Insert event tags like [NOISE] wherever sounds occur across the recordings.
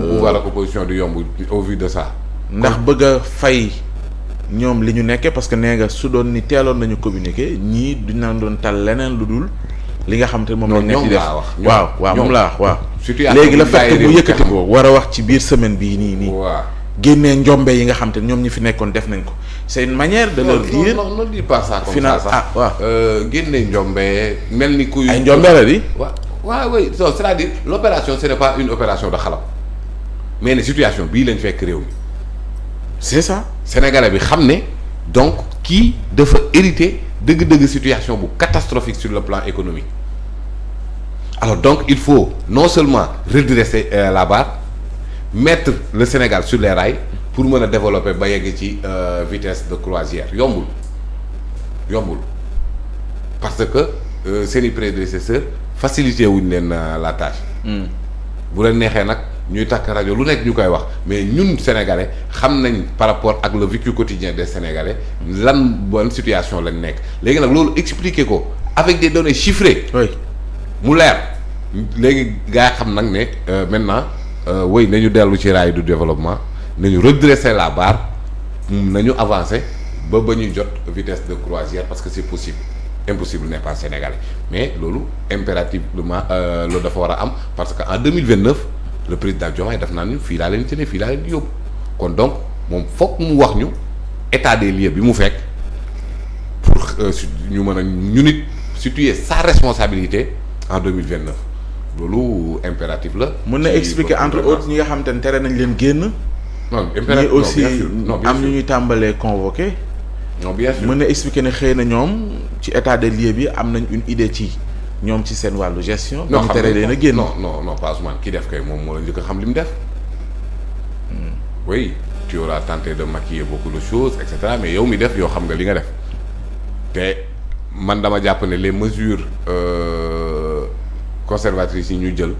pouvoir euh, ak opposition du yomb au vu de ça. ndax bëgg a fay ñoom li ñu nekkee parce que nee nga su doon ni teeloon nañu communiqué ñii duñ naan doon tal leneen lu dul. li nga xam te moom la nekk di def waaw waaw moom laa wax waaw léegi la fekk mu yëkkati ko war a wax ci biir semaine bii nii nii génnee njombe yi nga xam te ñoom ñi fi nekkoon def nañ ko c'est une manière de leur dire non non dis pas ça comme ça ah, euh, mel ni kuy ay njombe waaw waaw oui l'opération ce n'est pas opération de xalab mais ne situation bii lañ fekk réew mi c'est ça sénégalais bi xam ne donc kii dafa hérité dëgg-dëgg situation bu catastrophique sur le plan économique alors donc il faut non seulement redresser euh, la barre mettre le Sénégal sur le rails pour mën a développer ba yegg ci euh, vitesse de croisière yombul yombul parce que euh, seeni prédécesseurs facilité wuñ leen euh, la tâche. Hmm. bu leen neexee nag. ñuy takk rajo lu nekk ñu koy wax mais ñun sénégalais xam nañ par rapport ak le vécu quotidien de sénégalais lan bonne situation lañ nekk léegi nag loolu expliquer ko avec des données chiffrées. mu leer léegi gaa xam nag ne euh, maintenant wéy euh, nañu dellu ci raay du développement nañu redresser la barre nañu avancer ba ba ñuy jot vitesse de croisière parce que c'est possible. impossible n'est pas sénégalais mais loolu lu impérativement euh, loolu dafa war a am parce que en deux mille le président Diomaye daf naa ñu fii laa leen tënee fii laa leen yóbbu kon donc moom foog mu wax ñu état des lieux bi mu fekk pour euh, ñu mën a ñu nit situer sa responsabilité en 2029 loolu impératif la. mën na expliquer entre autres ñi nga xam te ne tere nañ leen génn. non impératif aussi am ñu ñuy tàmbalee convoqué. non mën na expliquer ne xëy na ñoom ci état des lieux bi am nañ une idée ci. ñoom ci seen wàllu gestion. non xam tere leen a génn non ki def kay moom moo la njëkk a xam li mu def. Hmm. oui tu auras tenté de maquiller beaucoup de choses et mais yow mi def yoo xam nga li nga def te man dama jàpp ne les mesures euh, conservatrices yi ñu jël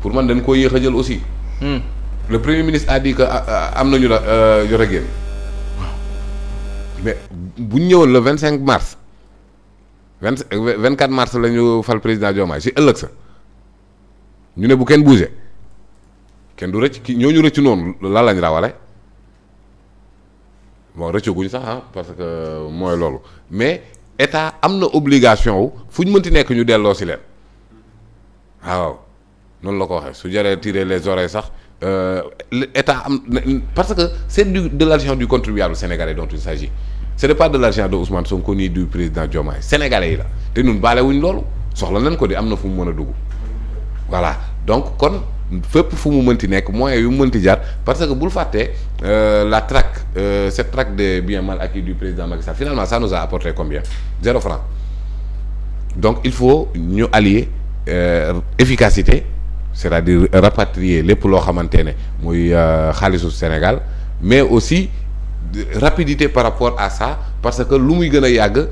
pour man dañ koo yéex a jël aussi. Hmm. le premier ministre a dit que am nañu la jot euh, a génn. waaw mais bu ñu ñëwoon le vingt cinq mars. vingt vingt quatre mars la ñu fal président Diomaye si ëllëg sa ñu ne bu kenn bougé kenn du rëcc ki ñooñu rëcc noonu lan lañ rawale bon rëccu guñ sax ah parce que mooy loolu mais état am na obligation wu fu ñu mënti nekk ñu delloo si leen waaw noonu la ko waxee su jaree tirer les oreilles sax euh, état am parce que c'est du de l'argent du contribuable sénégalais dont il s'agit ce n'est pas de l'argent de Ousmane Sonko ni du président Diomaye sénégalais yi la te ñun baale wuñ loolu soxla nañ ko di am na fu mu mën a dugg voilà donc kon fépp fu mu mënti nekk moyens yu mu mënti jaar parce que bul fàttee euh, la traque euh, cette traque des biens mal acquis du président Macky Sall finalement ça nous a apporté combien zéro franc donc il faut ñu allier euh, efficacité c'est-à-dire euh, rapatrier lépp loo xamante ne muy euh, xaalisu Sénégal mais aussi rapidité par rapport à ça parce que lu muy gën a yàgg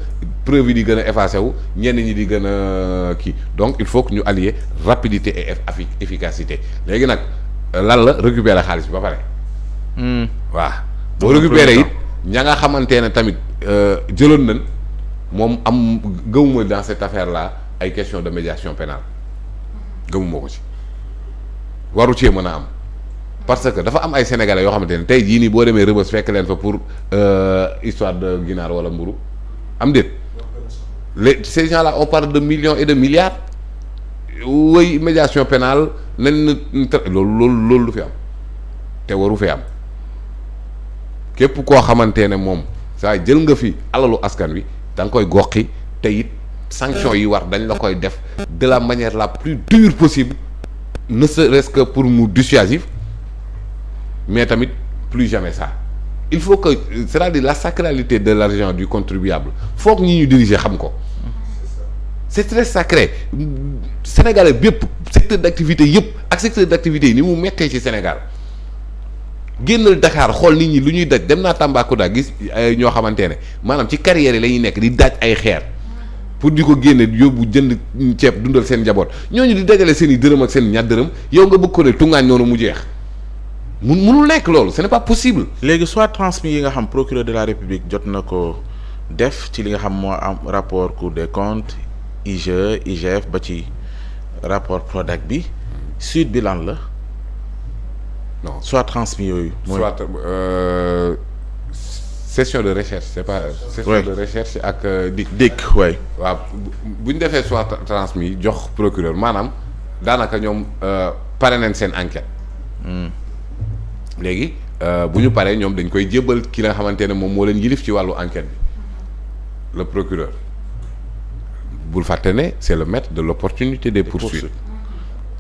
preuve yi di gën a effacé wu ñenn ñi di gën a euh, kii donc il faut que ñu allier rapidité et efficacité léegi nag lan la récupérer xaalis bi ba pare. Hmm. waaw boo récupérer it ña nga xamante ne tamit euh, jëloon nañ moom am gëmuma dans cette affaire là ay question de médiation pénale gëmuma ko ci waru cee mën a am. parce que dafa am ay sénégalais yoo xamante ne tey jii nii boo demee Rebeuss fekk leen fa pour euh, histoire de ginaar wala mburu am déet les ces la là on de million et de milliards woy médiation pénale nañ na loolu loolu loolu lu fi am te waru fi am képp koo xamante ne moom saa jël nga fi alalu askan wi danga koy goxi te it sanction yi war dañ la koy def de la manière la plus dure possible ne serait-ce pour mu dissuasif mais tamit plus jamais ça il faut que c'est-à-dire la sacralité de l'argent du contribuable foog ñi ñu diriger xam ko c'est très sacré Sénégalais bépp secteur d'activité yëpp ak secteur d'activité yi ni mu mettee ci Sénégal génnal Dakar xool nit ñi lu ñuy daj dem naa Tambacounda gis ñoo xamante ne maanaam ci carrière yi la ñuy nekk di daaj ay xeer pour di ko génne yóbbu jënd ceeb dundal seen njaboot ñooñu di dajale seen i dërëm ak seen ñaar dërëm yow nga bëgg ko ne tungaañ noonu mu jeex mun munul nekk loolu ce n'est pas possible. léegi soit transmis yi nga xam procureur de la république jot na ko def ci li nga xam moo am rapport cour des comptes IGE IGF ba ci rapport Prodac bi suite bi lan la. non soit transmis yooyu. mooy soit euh, session de recherche c'est pas. session ouais. de recherche ak di. dikk waay. waaw bu ñu defee soit transmis jox procureur maanaam daanaka ñoom euh, pare nañ seen enquête. Hmm. léegi euh, bu ñu paree ñoom dañ koy jébbal ki nga xamante ne moom moo leen yilif ci wàllu enquête bi le procureur bul fàtte ne c'est le maître de l'opportunité des poursuites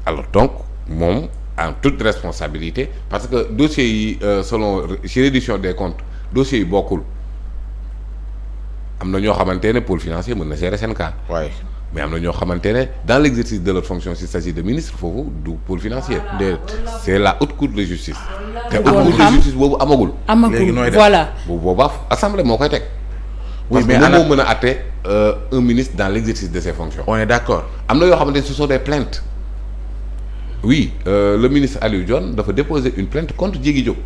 alors donc moom en toute responsabilité parce que dossier yi euh, selon ci reddition des comptes dossiers yi bokkul am na ñoo xamante ne pôle financier mën na gérer seen cas. waaye mais am na ñoo xamante ne dans l' exercice de leur fonction s'il s'agit de ministre foofu du pôle financier. déedéet c' est la haute cour de justice. te haute cour de justice boobu amagul. amagul voilà bu boobaa assemblée moo koy teg. oui mais ana parce que mën a àtte euh, un ministre dans l' exercice de ses fonctions. on est d' accord am na yoo xamante ne ce sont des plaintes oui euh, le ministre Aliou Dione dafa déposer une plainte contre Diégui Diop.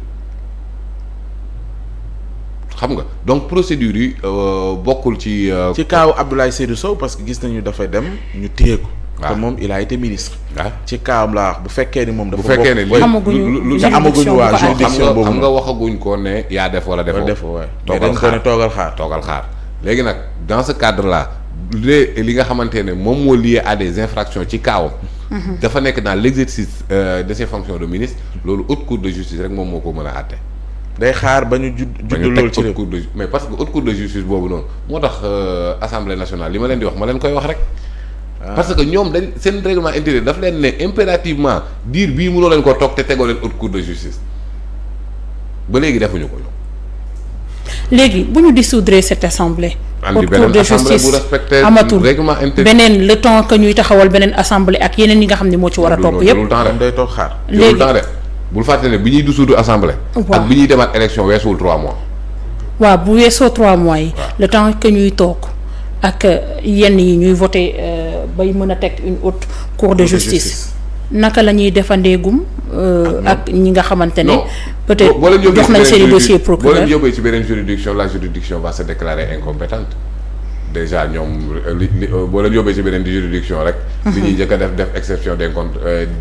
xam nga donc procédure yi euh, bokkul ci. Euh, ci kaaw Abdoulaye Seydou Sow parce que gis nañu dafay dem ñu téye ko. waaw ah. te moom il a été ministre. waaw ah. ci kaam laa wax bu fekkee ni moom. dafa bokk bu fekkee ne lii amaguñu. amaguñu waa juridiction boobu nga waxaguñ ko ne. yaa def wala defoo defoo waay. toogal xaar mais toogal xaar léegi nag dans ce cadre là li li nga xamante ne moom moo lié à des infractions ci kaawam. Mhm. dafa nekk dans l' exercice euh, de ses fonctions de ministre. loolu haute cour de justice rek moom moo ko mën a àtte. day xaar ba ñu judd judd loolu ci cour de mais parce que haute justice boobu noonu moo tax euh, assemblée nationale li ma leen di wax ma leen koy wax rek ah. parce que ñoom dañ seen règlement intérieur dafa leen ne impérativement diir mu mënoo leen ko toog te tegoo leen haute cour ba léegi defuñu ko ñoom léegi bu ñu dissoudre cette assemblée haute cour de justice amatul beneen le temps que ñuy taxawal beneen assemblée ak yeneen yi nga xam ne moo ci war a topp yépp day toog xaar léegi bul fàttali ne bi ñuy dissoudre assemblée. ak bi ñuy demaat élection weesuwul trois mois. waaw bu weesoo trois mois yi. le temps que ñuy toog ak euh, yenn yi ñuy voté euh, bay mën a teg une haute cour de justice. naka la ñuy defandeegum. Euh, ak ñi nga xamante ne. peut-être jox nañ seen i dossier boo leen yóbbee ci beneen juridiction la juridiction va se déclarer incompétente déjà ñoom li boo leen yóbbee ci beneen di juridiction rek. Mhm. li ñuy njëkk a def def exception d'incom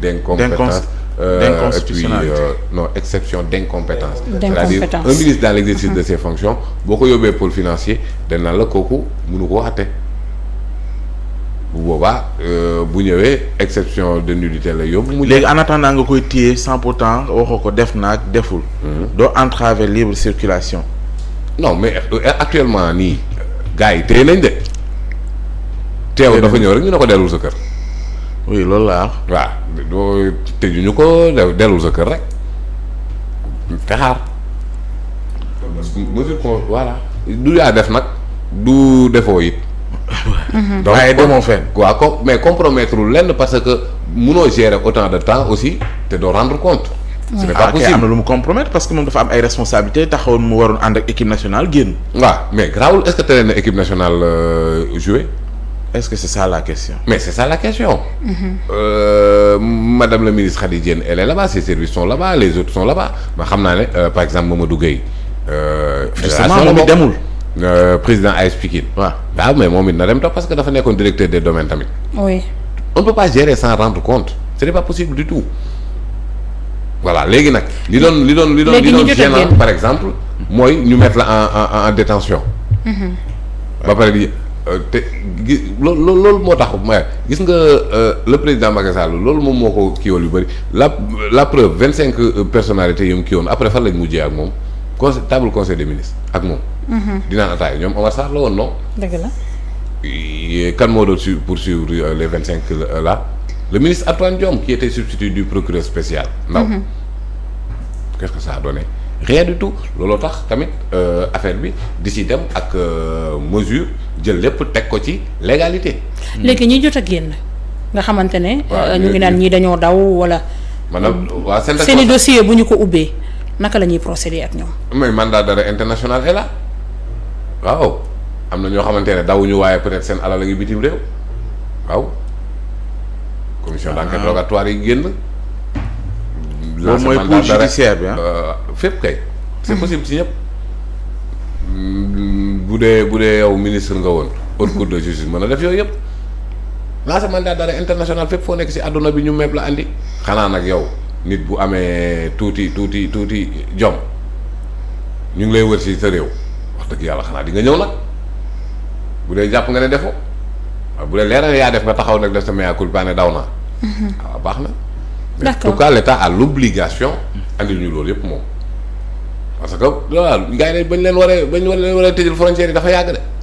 d'incompétence Euh, d'inconstitutionnalité puis euh, non exception d'incompétence c'est-à-dire un ministre dans l'exercice de ses fonctions boo ko yóbbee pôle financier dañ la kooku munu koo àtte bu boobaa euh, bu ñëwee exception de nullité la yóbbu. mu léegi en attendant nga koy téye pour temps waxoo ko def naag deful. Mm-hmm. doo entraver libre circulation. non mais actuellement nii. gars yi téye nañ de. teew dafa ñëw rek ñu ne ko dellul sa kër. oui loolu laa wax. waaw doo tëjuñu ko dellu sa kër rek te xaar. mesure ko voilà du yaa def nag du defoo it. [LAUGHS] donc waaye demoo fenn. waaw compromettre lenn parce que munoo gérer autant de temps aussi te doo rendre compte. ce n'est pas ah, possible am lu mu compromettre parce que moom dafa am ay responsabilités taxawoon mu waroon ànd ak équipe nationale génn. waaw mais grawul est-ce que tere na équipe nationale euh, jouer. est-ce que c'est ça la question. mais c'est ça la question. Mm -hmm. euh, madame la ministre Khady Diène elle est là-bas ses services sont là les autres sont là ma xam naa ne euh, par exemple Mamadou Gueye. Euh, justement moom it demul euh, président AS Pikine. waaw waaw mais moom it na dem parce que dafa nekkoon directeur des domaines tamit. oui. on peut pas gérer sans rendre compte ce n'est pas possible du tout. voilà léegi nag li doon li doon li doon li doon gênant par exemple mooy ñu mettre la en Euh, te gi loolu loolu moo tax ma gis nga euh, le président Macky Sall loolu moom moo ko kiiwal yu bëri la la preuve vingt cinq euh, personnalités yu mu kiiwoon après fan lañ mujjee ak moom conseil table conseil des ministres ak moom. Mm-hmm. dinaan ataay ñoom Omar Sarr la woon non. dëgg la. kan moo doon su poursuivre les vingt cinq là le ministre Antoine Diome qui était substitut du procureur spécial. ndaw mm -hmm. qu'est-ce que du tout looloo tax tamit affaire bi di si dem ak mesure. jël lépp teg ko ci légalité. léegi ñi jot a génn nga xamante ne. Euh, ñu ngi naan ñii dañoo daw wala. maanaam waa seen seen i dossier bu ñu ko ubbee naka la ñuy procéder ak ñoom. mais mandat d'arrêt international est là waaw am na ñoo xamante ne dawuñu waaye peut-être seen alal a ngi bitim réew waaw. commission ah. d'enquête rogatoire yi génn. loolu mooy pour judiciaire bi ah euh, fépp kay. c'est mm-hmm. possible ci ñëpp. bu dee bu dee yow ministre nga woon. haute cour de justice mën a def yooyu yëpp. man mandat dara international fépp foo nekk si àdduna bi ñu meeb la andi. xanaa nag yow nit bu amee tuuti tuuti tuuti jom ñu ngi lay wër si sa réew wax dëgg yàlla xanaa di nga ñëw nag bu dee jàpp nga ne defoo waaw bu dee leeral yaa def nga taxaw nag def sa mea culpa ne daw naa. Mhm. Ah, waaw baax na. d'accord mais en tout ñu loolu yëpp moom. parce que waaw gars yi bañ leen waree bañ leen waree tëjal frontière yi dafa yàgg de.